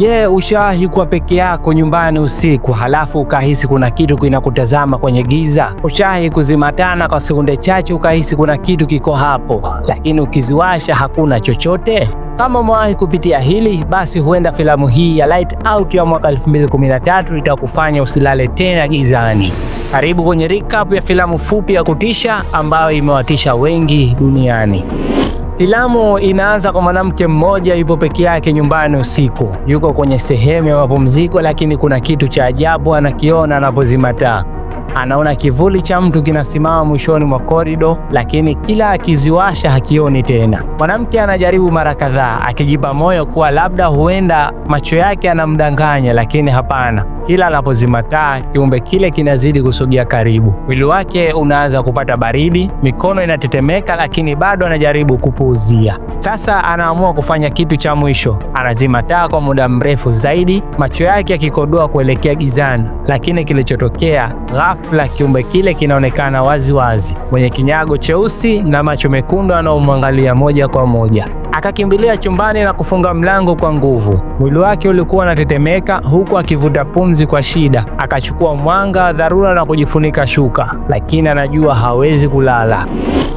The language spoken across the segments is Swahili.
Je, yeah, ushawahi kuwa peke yako nyumbani usiku halafu ukahisi kuna kitu kinakutazama kwenye giza? Ushawahi kuzimatana kwa sekunde chache ukahisi kuna kitu kiko hapo, lakini ukiziwasha hakuna chochote? Kama umewahi kupitia hili basi, huenda filamu hii ya Light Out ya mwaka 2013 itakufanya usilale tena gizani. Karibu kwenye recap ya filamu fupi ya kutisha ambayo imewatisha wengi duniani. Filamu inaanza kwa mwanamke mmoja yupo peke yake nyumbani usiku, yuko kwenye sehemu ya mapumziko, lakini kuna kitu cha ajabu anakiona anapozima taa anaona kivuli cha mtu kinasimama mwishoni mwa korido, lakini kila akiziwasha hakioni tena. Mwanamke anajaribu mara kadhaa, akijipa moyo kuwa labda huenda macho yake anamdanganya lakini hapana. Kila anapozima taa, kiumbe kile kinazidi kusogea karibu. Mwili wake unaanza kupata baridi, mikono inatetemeka, lakini bado anajaribu kupuuzia. Sasa anaamua kufanya kitu cha mwisho, anazima taa kwa muda mrefu zaidi, macho yake yakikodoa kuelekea gizani. Lakini kilichotokea ghafla, kiumbe kile kinaonekana wazi wazi, mwenye kinyago cheusi na macho mekundu, anaomwangalia moja kwa moja. Akakimbilia chumbani na kufunga mlango kwa nguvu. Mwili wake ulikuwa unatetemeka huku akivuta pumzi kwa shida. Akachukua mwanga dharura na kujifunika shuka, lakini anajua hawezi kulala.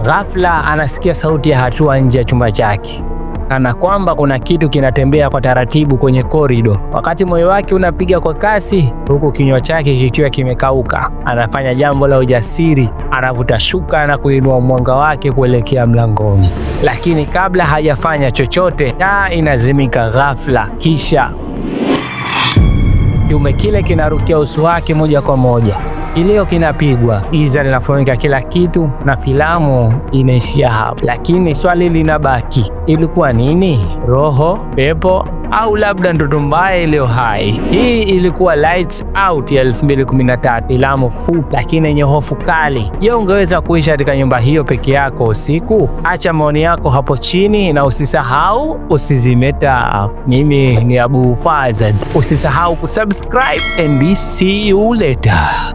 Ghafla anasikia sauti ya hatua nje ya chumba chake kana kwamba kuna kitu kinatembea kwa taratibu kwenye korido, wakati moyo wake unapiga kwa kasi, huku kinywa chake kikiwa kimekauka. Anafanya jambo la ujasiri, anavuta shuka na kuinua mwanga wake kuelekea mlangoni, lakini kabla hajafanya chochote, taa inazimika ghafla, kisha kiume kile kinarukia uso wake moja kwa moja kilio kinapigwa, giza linafunika kila kitu na filamu inaishia hapo. Lakini swali linabaki, ilikuwa nini? Roho, pepo au labda ndoto mbaya iliyo hai? Hii ilikuwa Lights Out ya 2013, filamu fupi lakini yenye hofu kali. Je, ungeweza kuishi katika nyumba hiyo peke yako usiku? Acha maoni yako hapo chini na usisahau usizime taa. Mimi ni Abu Fazad, usisahau kusubscribe and see you later.